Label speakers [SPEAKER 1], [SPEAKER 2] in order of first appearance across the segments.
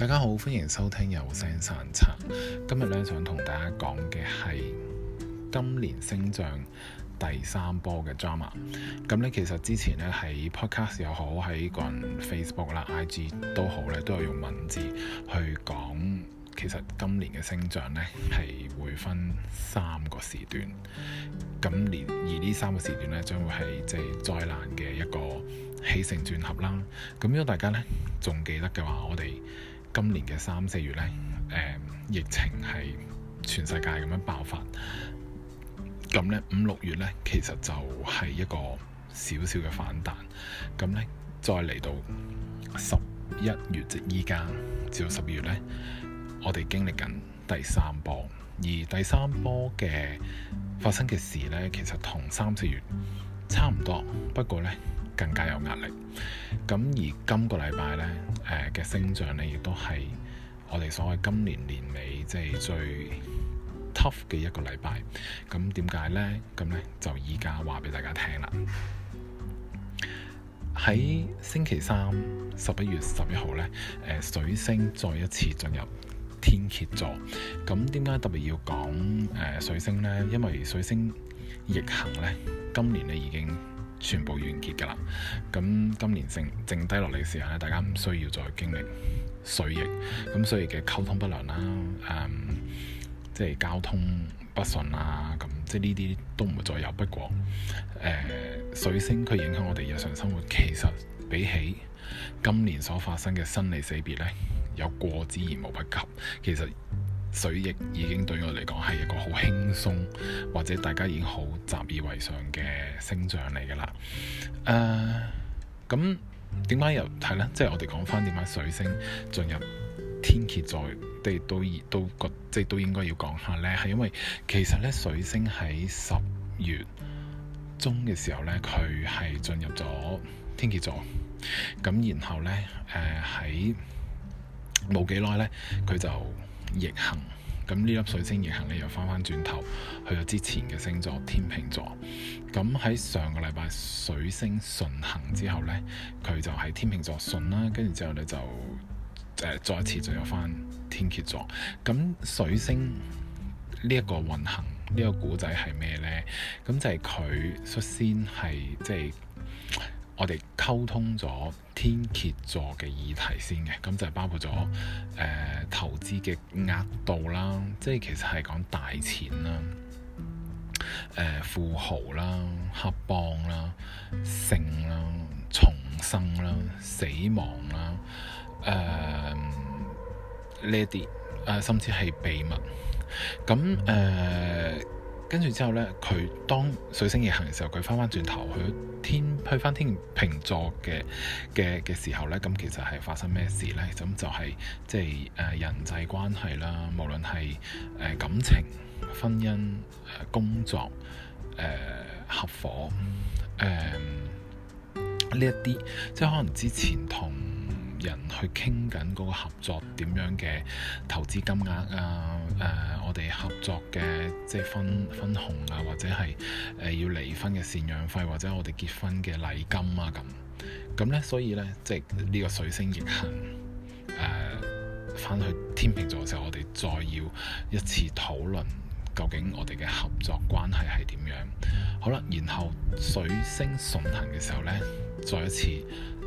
[SPEAKER 1] 大家好，歡迎收聽有聲散策。今日咧想同大家講嘅係今年星象第三波嘅 drama。咁咧其實之前咧喺 podcast 又好，喺個人 Facebook 啦、IG 都好咧，都有用文字去講。其實今年嘅星象咧係會分三個時段。咁連而呢三個時段咧，將會係即係災難嘅一個起承轉合啦。咁如果大家咧仲記得嘅話，我哋今年嘅三四月呢，誒、嗯、疫情係全世界咁樣爆發，咁呢，五六月呢，其實就係一個小小嘅反彈，咁呢，再嚟到十一月即依家至到十二月呢，我哋經歷緊第三波，而第三波嘅發生嘅事呢，其實同三四月差唔多，不過呢，更加有壓力，咁而今個禮拜呢，誒嘅、呃、星象呢，亦都係我哋所謂今年年尾即係最 tough 嘅一個禮拜。咁點解呢？咁呢，就而家話俾大家聽啦。喺星期三，十一月十一號呢，誒、呃、水星再一次進入天蠍座。咁點解特別要講誒、呃、水星呢？因為水星逆行呢，今年呢已經。全部完結噶啦，咁今年剩剩低落嚟嘅時候咧，大家唔需要再經歷水逆，咁水逆嘅溝通不良啦，嗯，即係交通不順啊，咁即係呢啲都唔會再有。不、呃、不過，誒水星佢影響我哋日常生活，其實比起今年所發生嘅生離死別咧，有過之而無不及。其實。水逆已經對我嚟講係一個好輕鬆，或者大家已經好習以為常嘅星象嚟㗎啦。誒，uh，咁點解又係咧？即係、就是、我哋講翻點解水星進入天蠍座，都都都即係都應該要講下咧？係因為其實咧，水星喺十月中嘅時候咧，佢係進入咗天蠍座，咁然後咧，誒喺冇幾耐咧，佢就逆行，咁呢粒水星逆行咧又翻翻轉頭去咗之前嘅星座天秤座，咁喺上個禮拜水星順行之後呢，佢就喺天秤座順啦，跟住之後呢，就誒再次進入翻天蠍座。咁水星呢一個運行呢個古仔係咩呢？咁就係佢率先係即係。我哋溝通咗天蝎座嘅議題先嘅，咁就係包括咗誒、呃、投資嘅額度啦，即係其實係講大錢啦，誒、呃、富豪啦、黑幫啦、性啦、重生啦、死亡啦，誒呢啲，誒、呃、甚至係秘密。咁誒、呃跟住之後呢，佢當水星逆行嘅時候，佢翻翻轉頭去天去翻天秤座嘅嘅嘅時候呢，咁其實係發生咩事呢？咁就係即係人際關係啦，無論係、呃、感情、婚姻、呃、工作、呃、合夥誒呢一啲，即係可能之前同。人去傾緊嗰個合作點樣嘅投資金額啊？誒、呃，我哋合作嘅即係分分紅啊，或者係誒、呃、要離婚嘅贍養費，或者我哋結婚嘅禮金啊咁。咁呢，所以呢，即係呢個水星逆行誒，翻、呃、去天秤座嘅時候，我哋再要一次討論。究竟我哋嘅合作關係係點樣？好啦，然後水星順行嘅時候呢，再一次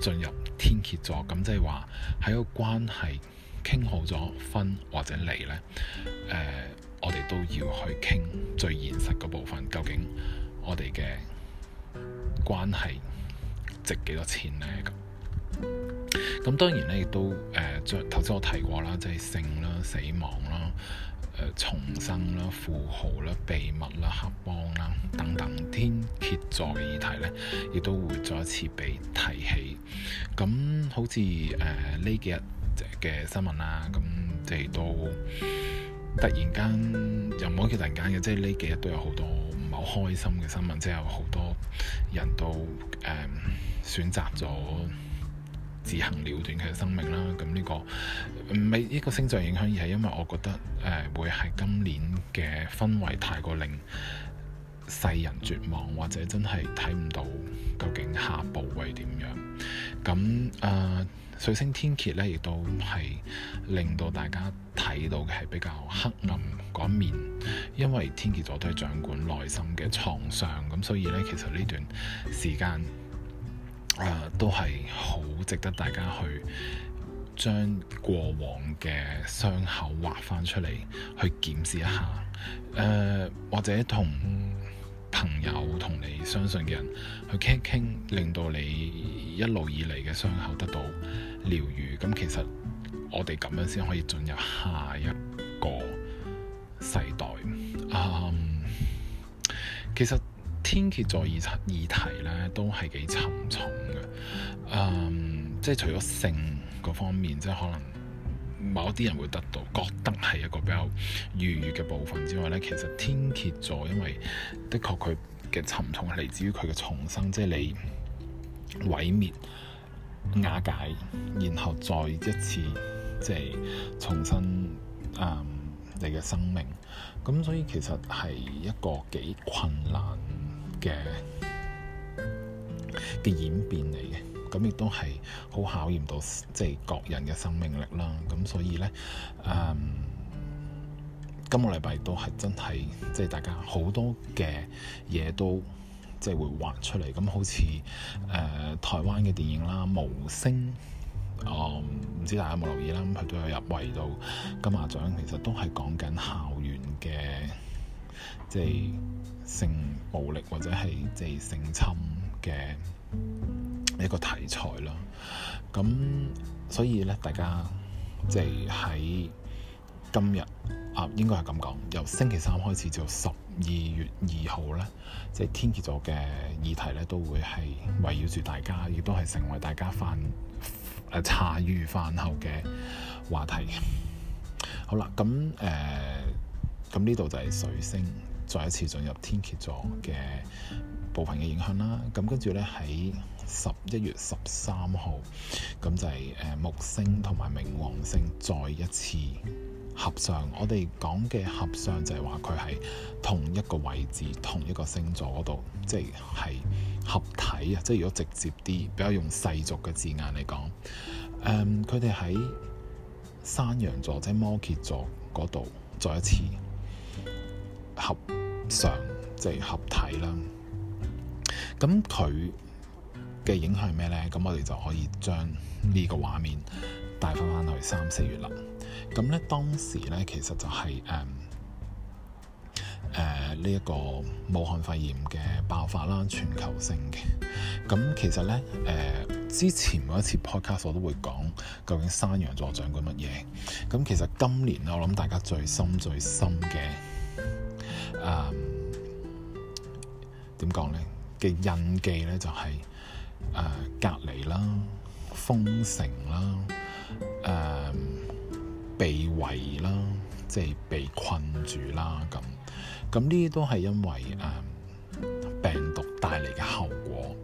[SPEAKER 1] 進入天蠍座，咁即係話喺個關係傾好咗分或者離呢，呃，我哋都要去傾最現實嗰部分，究竟我哋嘅關係值幾多錢呢？咁，咁當然呢，亦都誒，呃，頭先我提過啦，即係性啦、死亡啦。誒、呃、重生啦、富豪啦、秘密啦、黑幫啦等等天蠍座嘅議題咧，亦都會再一次被提起。咁好似誒呢幾日嘅新聞啦，啊，咁即係都突然間又唔好叫突然間嘅，即係呢幾日都有好多唔係好開心嘅新聞，即、就、係、是、有好多人都誒、呃、選擇咗。自行了斷佢嘅生命啦，咁呢、這個唔係一個星座影響，而係因為我覺得誒、呃、會係今年嘅氛圍太過令世人絕望，或者真係睇唔到究竟下步會點樣。咁誒、呃、水星天蠍呢，亦都係令到大家睇到嘅係比較黑暗嗰一面，因為天蠍座佢掌管內心嘅創傷，咁所以呢，其實呢段時間。呃、都係好值得大家去將過往嘅傷口畫翻出嚟，去檢視一下，誒、呃，或者同朋友同你相信嘅人去傾一傾，令到你一路以嚟嘅傷口得到療愈。咁、嗯、其實我哋咁樣先可以進入下一個世代。啊、嗯，其實天蠍座議題呢，都係幾沉重。嗯，即係除咗性嗰方面，即係可能某啲人會得到覺得係一個比較愉悅嘅部分之外咧，其實天蠍座因為的確佢嘅沉重係嚟自於佢嘅重生，即係你毀滅瓦解，然後再一次即係重新嗯你嘅生命，咁所以其實係一個幾困難嘅。嘅演變嚟嘅，咁亦都係好考驗到即係各人嘅生命力啦。咁所以咧，誒、嗯、今個禮拜都係真係即係大家好多嘅嘢都即係會畫出嚟。咁好似誒台灣嘅電影啦，《無聲》哦，唔、嗯、知大家有冇留意啦？咁佢都有入圍到金馬獎，其實都係講緊校園嘅即係性暴力或者係即係性侵。嘅一個題材咯，咁所以咧，大家即係喺今日啊，應該係咁講，由星期三開始到十二月二號咧，即係天蠍座嘅議題咧，都會係圍繞住大家，亦都係成為大家飯誒茶餘飯後嘅話題。好啦，咁誒，咁呢度就係水星再一次進入天蠍座嘅。部分嘅影響啦，咁跟住呢，喺十一月十三號，咁就係木星同埋冥王星再一次合上。我哋講嘅合上就係話佢係同一個位置、同一個星座嗰度，即係合體啊。即係如果直接啲，比較用世俗嘅字眼嚟講，佢哋喺山羊座即係摩羯座嗰度再一次合上，即係合體啦。咁佢嘅影響係咩咧？咁我哋就可以將呢個畫面帶翻翻去三四月啦。咁咧當時咧，其實就係誒誒呢一個武漢肺炎嘅爆發啦，全球性嘅。咁其實咧誒、呃、之前每一次 podcast 我都會講究竟山羊座掌管乜嘢。咁其實今年我諗大家最深最深嘅誒點講咧？呃嘅印記咧就係，是，誒、呃、隔離啦、封城啦、誒、呃、被圍啦，即係被困住啦咁。咁呢啲都係因為誒、呃、病毒帶嚟嘅後果。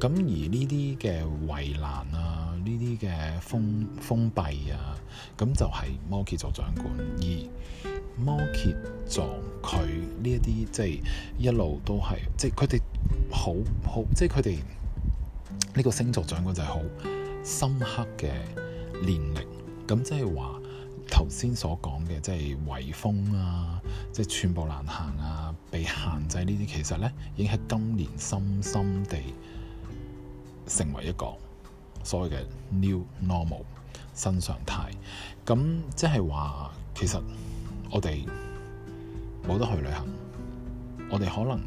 [SPEAKER 1] 咁而呢啲嘅圍欄啊、呢啲嘅封封閉啊，咁就係摩羯座掌管。而。摩羯座佢呢一啲，即係一路都係，即係佢哋好好，即係佢哋呢個星座掌管就係好深刻嘅年齡。咁即係話頭先所講嘅，即係颶風啊，即係寸步難行啊，被限制呢啲，其實咧已經喺今年深深地成為一個所謂嘅 new normal 新常態。咁即係話其實。我哋冇得去旅行，我哋可能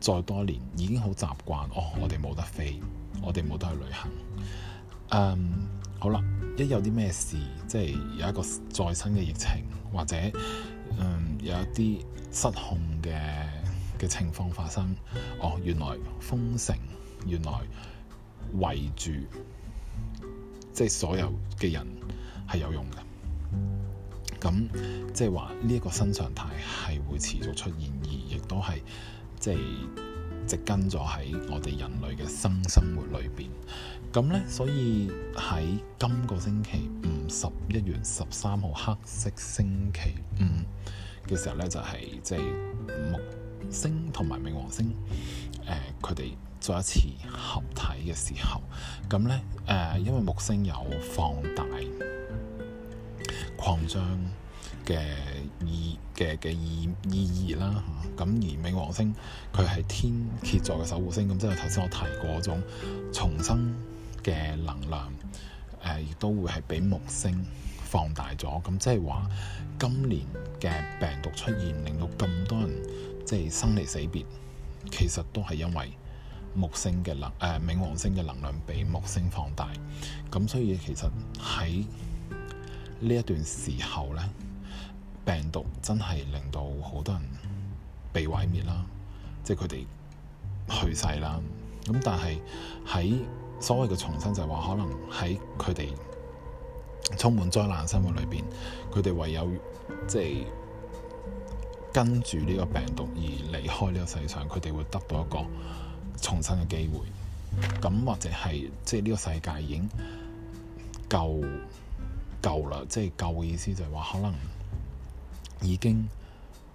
[SPEAKER 1] 再多年已經好習慣哦。我哋冇得飛，我哋冇得去旅行。嗯，好啦，一有啲咩事，即係有一個再生嘅疫情，或者嗯有一啲失控嘅嘅情況發生，哦，原來封城，原來圍住，即係所有嘅人係有用㗎。咁即係話呢一個新常態係會持續出現，而亦都係即係直跟咗喺我哋人類嘅新生、生活裏邊。咁呢，所以喺今個星期五，十一月十三號黑色星期五嘅、嗯、時候呢，就係、是、即係木星同埋冥王星，佢哋再一次合體嘅時候。咁呢，誒、呃，因為木星有放大。擴張嘅意嘅嘅意意義啦，咁、啊、而冥王星佢係天蠍座嘅守護星，咁即係頭先我提過嗰種重生嘅能量，誒、呃、亦都會係俾木星放大咗，咁即係話今年嘅病毒出現，令到咁多人即係、就是、生離死別，其實都係因為木星嘅能誒、呃、冥王星嘅能量俾木星放大，咁所以其實喺呢一段時候咧，病毒真係令到好多人被毀滅啦，即係佢哋去世啦。咁但係喺所謂嘅重生，就係話可能喺佢哋充滿災難嘅生活裏邊，佢哋唯有即係跟住呢個病毒而離開呢個世上，佢哋會得到一個重生嘅機會。咁或者係即係呢個世界已經夠舊啦，即係舊嘅意思就係話，可能已經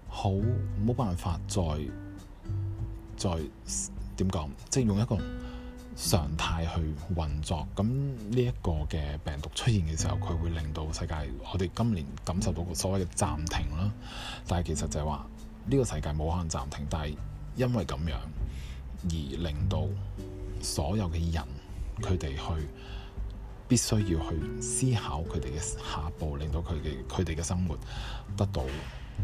[SPEAKER 1] 好冇辦法再再點講，即係用一個常態去運作。咁呢一個嘅病毒出現嘅時候，佢會令到世界，我哋今年感受到個所謂嘅暫停啦。但係其實就係話呢個世界冇可能暫停，但係因為咁樣而令到所有嘅人佢哋去。必須要去思考佢哋嘅下一步，令到佢哋嘅佢哋嘅生活得到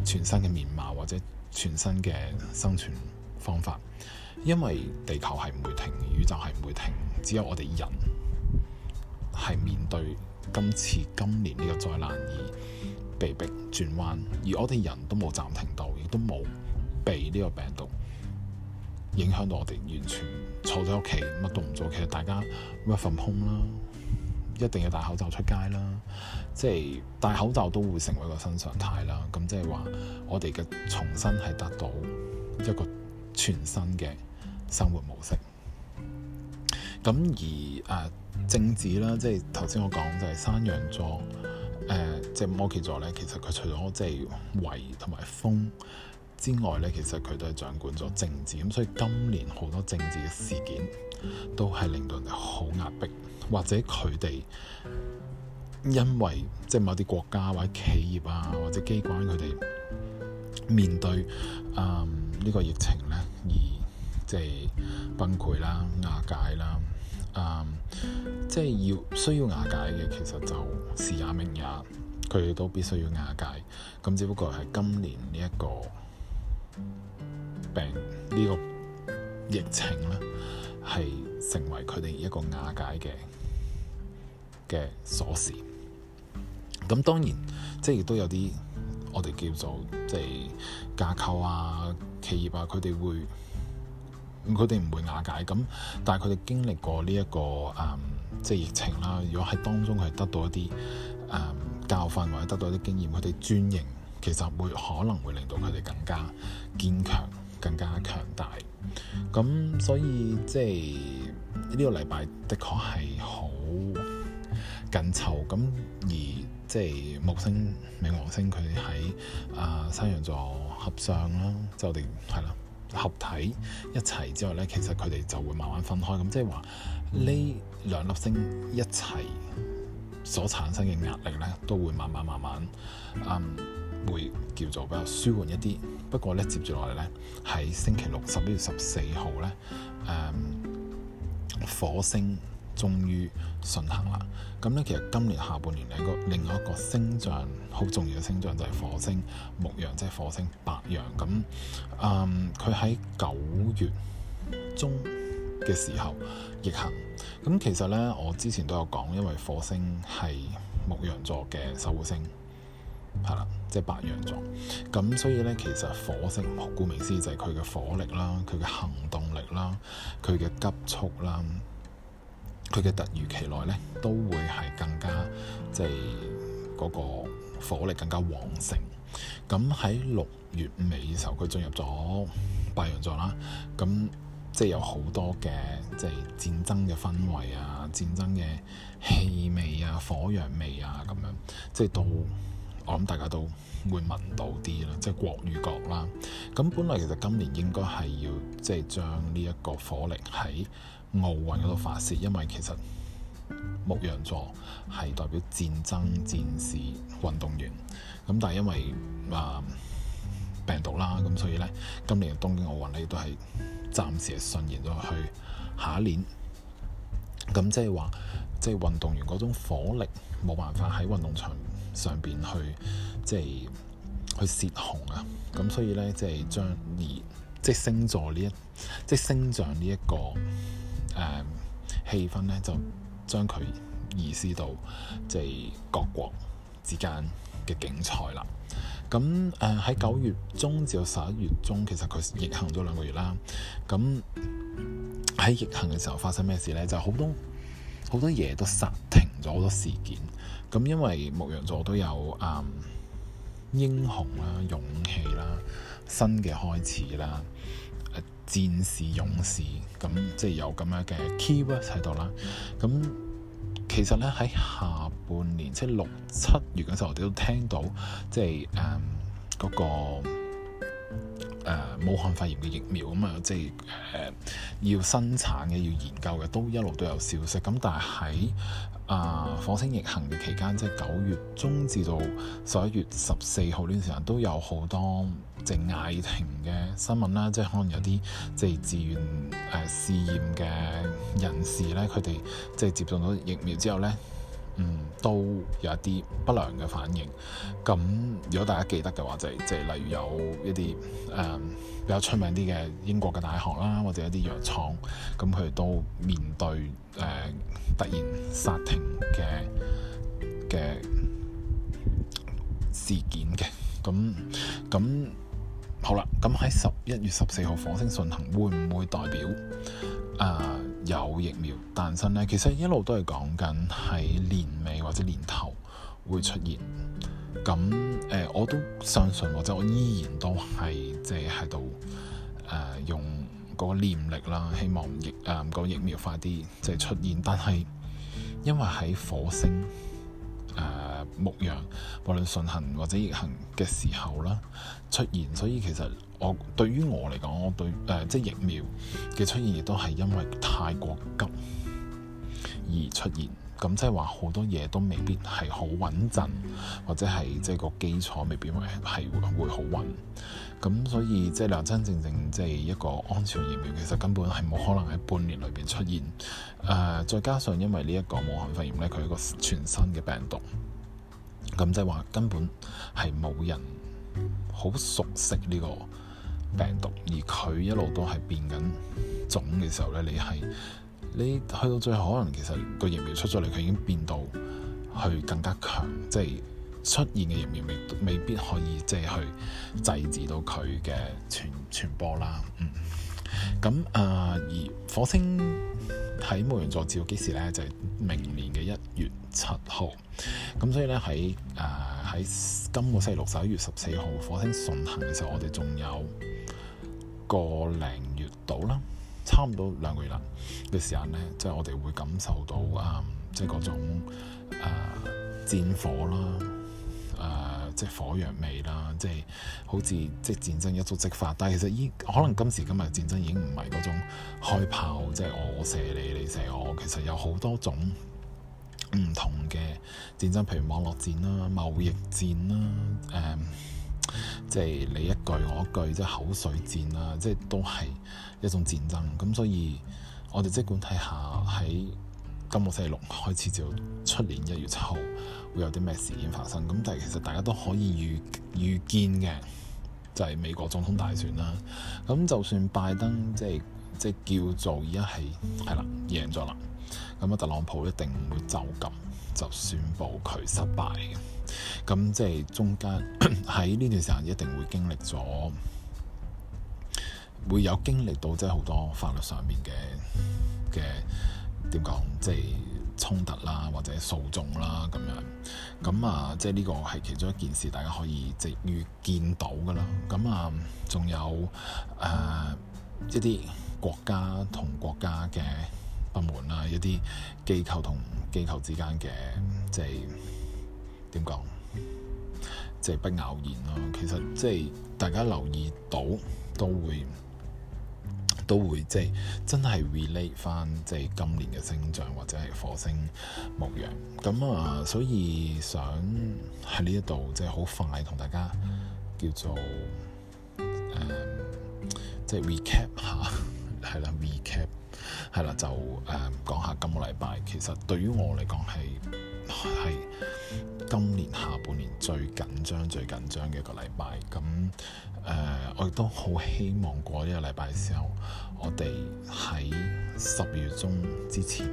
[SPEAKER 1] 全新嘅面貌，或者全新嘅生存方法。因為地球係唔會停，宇宙係唔會停，只有我哋人係面對今次今年呢個災難而被迫轉彎。而我哋人都冇暫停到，亦都冇被呢個病毒影響到，我哋完全坐咗屋企乜都唔做。其實大家乜份空啦、啊、～一定要戴口罩出街啦，即係戴口罩都會成為一個新常態啦。咁即係話，我哋嘅重新係達到一個全新嘅生活模式。咁而誒、啊、政治啦，即係頭先我講就係山羊座誒、呃，即係摩羯座咧，其實佢除咗即係圍同埋風。之外咧，其實佢都係掌管咗政治，咁所以今年好多政治嘅事件都係令到人哋好壓迫，或者佢哋因為即係某啲國家或者企業啊，或者機關佢哋面對嗯呢個疫情咧，而即係崩潰啦、瓦解啦，嗯，即係要需要瓦解嘅，其實就時也命也，佢哋都必須要瓦解。咁只不過係今年呢一個。病呢個疫情咧，係成為佢哋一個瓦解嘅嘅鎖匙。咁當然，即係亦都有啲我哋叫做即係架構啊、企業啊，佢哋會佢哋唔會瓦解。咁但係佢哋經歷過呢、這、一個、嗯、即係疫情啦，如果喺當中係得到一啲、嗯、教訓或者得到一啲經驗，佢哋轉型。其實會可能會令到佢哋更加堅強、更加強大。咁所以即係呢、這個禮拜的確，的確係好緊湊。咁而即係木星、冥王星佢喺啊山羊座合相啦，就我哋係啦合體一齊之後咧，其實佢哋就會慢慢分開。咁即係話呢兩粒星一齊所產生嘅壓力咧，都會慢慢慢慢嗯。會叫做比較舒緩一啲，不過咧，接住落嚟咧喺星期六十一月十四號咧，誒、嗯、火星終於順行啦。咁、嗯、咧，其實今年下半年兩個另外一個星象好重要嘅星象就係火星牡羊，即係火星白羊咁。誒、嗯，佢喺九月中嘅時候逆行。咁、嗯、其實咧，我之前都有講，因為火星係牡羊座嘅守護星，係啦。即係白羊座，咁所以咧，其實火星顧名思義就係佢嘅火力啦，佢嘅行動力啦，佢嘅急速啦，佢嘅突如其來咧，都會係更加即係嗰個火力更加旺盛。咁喺六月尾時候，佢進入咗白羊座啦，咁即係有好多嘅即係戰爭嘅氛圍啊，戰爭嘅氣味啊，火藥味啊，咁樣即係到。我諗大家都會聞到啲啦，即係國與國啦。咁本來其實今年應該係要即係將呢一個火力喺奧運嗰度發洩，因為其實牡羊座係代表戰爭、戰士、運動員。咁但係因為啊、呃、病毒啦，咁所以咧今年嘅東京奧運呢都係暫時係順延咗去下一年。咁即係話，即、就、係、是、運動員嗰種火力冇辦法喺運動場上邊去，即係去泄洪啊！咁所以咧，即係將而即係星座呢一即係星象呢一個誒、呃、氣氛咧，就將佢移師到即係各國之間嘅競賽啦。咁誒喺九月中至到十一月中，其實佢逆行咗兩個月啦。咁喺逆行嘅時候發生咩事咧？就好、是、多好多嘢都殺停。咗好多事件，咁因為牧羊座都有嗯、um，英雄啦、啊、勇氣啦、啊、新嘅開始啦、誒、啊、戰士、勇士，咁即係有咁樣嘅 keyword 喺度啦。咁其實咧喺下半年，即係六七月嗰時候，我哋都聽到即係誒嗰個。武漢肺炎嘅疫苗啊嘛，即係、呃、要生產嘅，要研究嘅，都一路都有消息。咁但係喺啊火星逆行嘅期間，即係九月中至到十一月十四號呢段時間，都有好多靜嗌停嘅新聞啦。即係可能有啲即係自願誒、呃、試驗嘅人士呢，佢哋即係接種咗疫苗之後呢。嗯，都有一啲不良嘅反應。咁如果大家記得嘅話，就係即係例如有一啲誒、呃、比較出名啲嘅英國嘅大學啦，或者一啲藥廠，咁佢都面對誒、呃、突然殺停嘅嘅事件嘅。咁咁好啦，咁喺十一月十四號火星順行會唔會代表啊？呃有疫苗誕生咧，其實一路都係講緊喺年尾或者年頭會出現。咁誒、呃，我都相信，或者我依然都係即係喺度誒用嗰個念力啦，希望疫誒、呃嗰個疫苗快啲即係出現。但係因為喺火星誒、呃、牧羊，無論順行或者逆行嘅時候啦出現，所以其實。我對於我嚟講，我對誒、呃、即疫苗嘅出現，亦都係因為太過急而出現。咁即係話好多嘢都未必係好穩陣，或者係即係個基礎未必係會好穩。咁所以即係嗱，真正正即係一個安全疫苗，其實根本係冇可能喺半年裏邊出現。誒、呃，再加上因為呢一個武漢肺炎咧，佢係一個全新嘅病毒，咁即係話根本係冇人好熟悉呢、這個。病毒，而佢一路都係變緊種嘅時候咧，你係你去到最後可能，其實個疫苗出咗嚟，佢已經變到去更加強，即係出現嘅疫苗未未必可以即係去制止到佢嘅傳傳播啦。嗯，咁啊、呃，而火星喺牡羊座直到幾時咧？就係、是、明年嘅一月七號。咁所以咧，喺誒喺今個星期六十一月十四號火星順行嘅時候，我哋仲有。個零月到啦，差唔多兩個月啦嘅時間咧，即係我哋會感受到啊，即係嗰種啊戰火啦，誒即係火藥味啦，即係好似即係戰爭一觸即發。但係其實依可能今時今日戰爭已經唔係嗰種開炮，即係我射你，你射我。其實有好多種唔同嘅戰爭，譬如網絡戰啦、貿易戰啦，誒。即係你一句我一句，即係口水戰啦，即係都係一種戰爭。咁所以我哋即管睇下喺今個星期六開始至到出年一月七號會有啲咩事件發生。咁但係其實大家都可以預預見嘅，就係美國總統大選啦。咁就算拜登即係即係叫做而家係係啦贏咗啦，咁啊特朗普一定會就咁就宣佈佢失敗。咁即係中間喺呢段時間一定會經歷咗，會有經歷到即係好多法律上面嘅嘅點講，即係衝突啦，或者訴訟啦咁樣。咁啊，即係呢個係其中一件事，大家可以直遇見到㗎喇。咁啊，仲有誒、呃、一啲國家同國家嘅不滿啦，一啲機構同機構之間嘅即係。點講，即係不偶然咯。其實即係大家留意到，都會都會即係真係 relate 翻，即係今年嘅星象，或者係火星牧羊。咁啊、呃，所以想喺呢一度即係好快同大家叫做、呃、即係 recap 下係啦 ，recap 係啦，就誒、呃、講下今個禮拜。其實對於我嚟講係。係今年下半年最緊張、最緊張嘅一個禮拜，咁誒、呃，我亦都好希望過呢個禮拜時候，我哋喺十二月中之前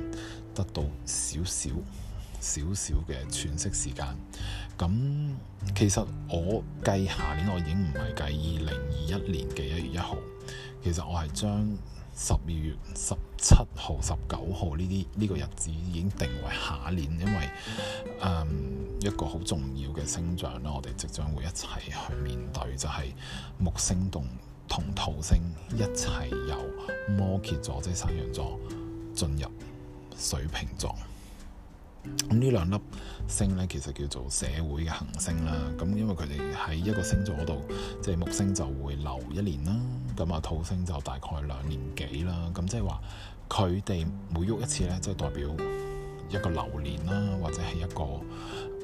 [SPEAKER 1] 得到少少、少少嘅喘息時間。咁其實我計下年，我已經唔係計二零二一年嘅一月一號，其實我係將。十二月十七號、十九號呢啲呢個日子已經定為下年，因為、嗯、一個好重要嘅星象啦，我哋即將會一齊去面對，就係、是、木星同同土星一齊由摩羯座即係山羊座進入水瓶座。咁呢兩粒星咧，其實叫做社會嘅行星啦。咁因為佢哋喺一個星座嗰度，即係木星就會留一年啦。咁啊土星就大概兩年幾啦。咁即係話佢哋每喐一次咧，即係代表一個流年啦，或者係一個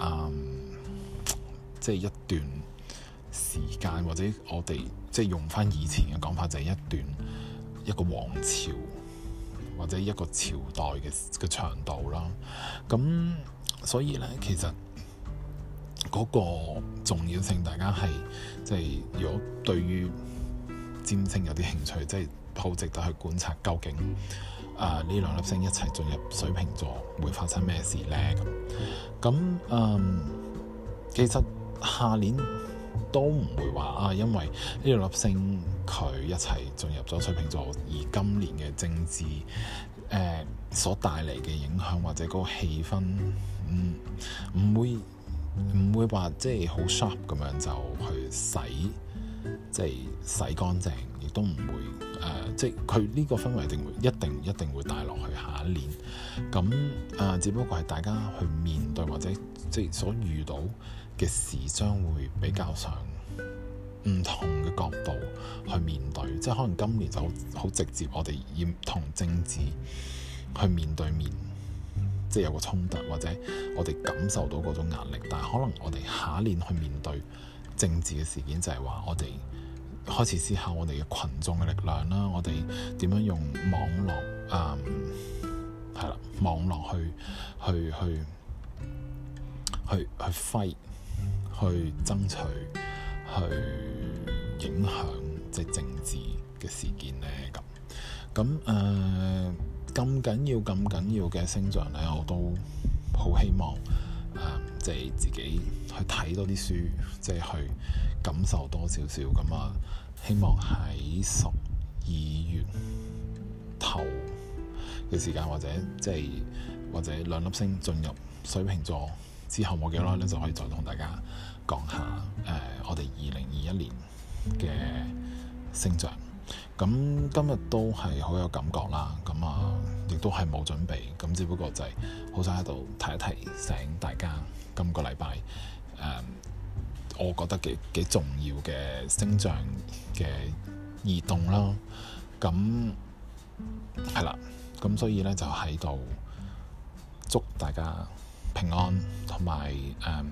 [SPEAKER 1] 嗯，即係一段時間，或者我哋即係用翻以前嘅講法，就係一段一個王朝。或者一個朝代嘅嘅長度啦，咁所以咧，其實嗰個重要性，大家係即係如果對於占星有啲興趣，即係好值得去觀察，究竟啊呢兩粒星一齊進入水瓶座會發生咩事咧？咁咁嗯，其實下年都唔會話啊，因為呢兩粒星。佢一齊進入咗水瓶座，而今年嘅政治誒、呃、所帶嚟嘅影響或者個氣氛，嗯，唔會唔會話即係好 sharp 咁樣就去洗，即、就、係、是、洗乾淨亦都唔會誒即係佢呢個氛圍定會一定一定會帶落去下一年。咁誒、呃，只不過係大家去面對或者即係所遇到嘅事，將會比較長。唔同嘅角度去面對，即係可能今年就好好直接，我哋要同政治去面對面，即係有個衝突，或者我哋感受到嗰種壓力。但係可能我哋下一年去面對政治嘅事件，就係話我哋開始思考我哋嘅群眾嘅力量啦，我哋點樣用網絡，嗯，係啦，網絡去去去去去揮去爭取。去影響即係政治嘅事件咧咁，咁誒咁緊要咁緊要嘅星象咧，我都好希望、呃、即係自己去睇多啲書，即係去感受多少少咁啊！希望喺十二月頭嘅時間，或者即係或者兩粒星進入水瓶座之後，冇幾耐咧就可以再同大家。講下誒、呃，我哋二零二一年嘅星象，咁今日都係好有感覺啦。咁啊，亦都係冇準備，咁只不過就係好想喺度提一提醒大家今個禮拜、呃、我覺得幾幾重要嘅星象嘅移動啦。咁係啦，咁所以呢，就喺度祝大家平安，同埋誒，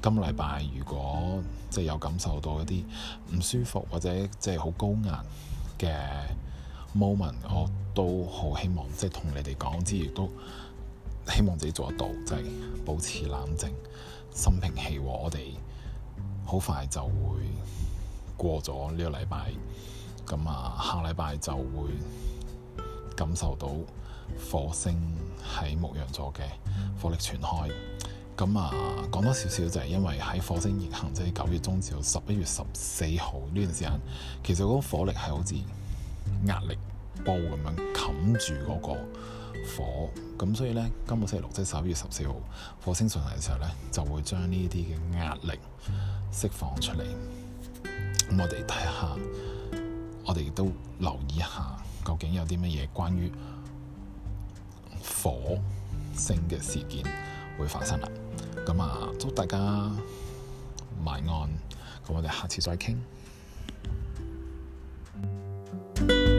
[SPEAKER 1] 今個禮拜如果即係有感受到一啲唔舒服或者即係好高壓嘅 moment，我都好希望即係同你哋講之，亦都希望自己做得到，即係保持冷靜，心平氣和。我哋好快就會過咗呢個禮拜，咁啊下禮拜就會感受到。火星喺牡羊座嘅火力全開，咁啊講多少少就係因為喺火星逆行，即係九月中至到十一月十四號呢段時間，其實嗰個火力係好似壓力煲咁樣冚住嗰個火，咁所以咧今個星期六即係十一月十四號，火星順行嘅時候咧就會將呢啲嘅壓力釋放出嚟。咁我哋睇下，我哋都留意一下究竟有啲乜嘢關於。火星嘅事件會發生啦，咁啊，祝大家晚安，咁我哋下次再傾。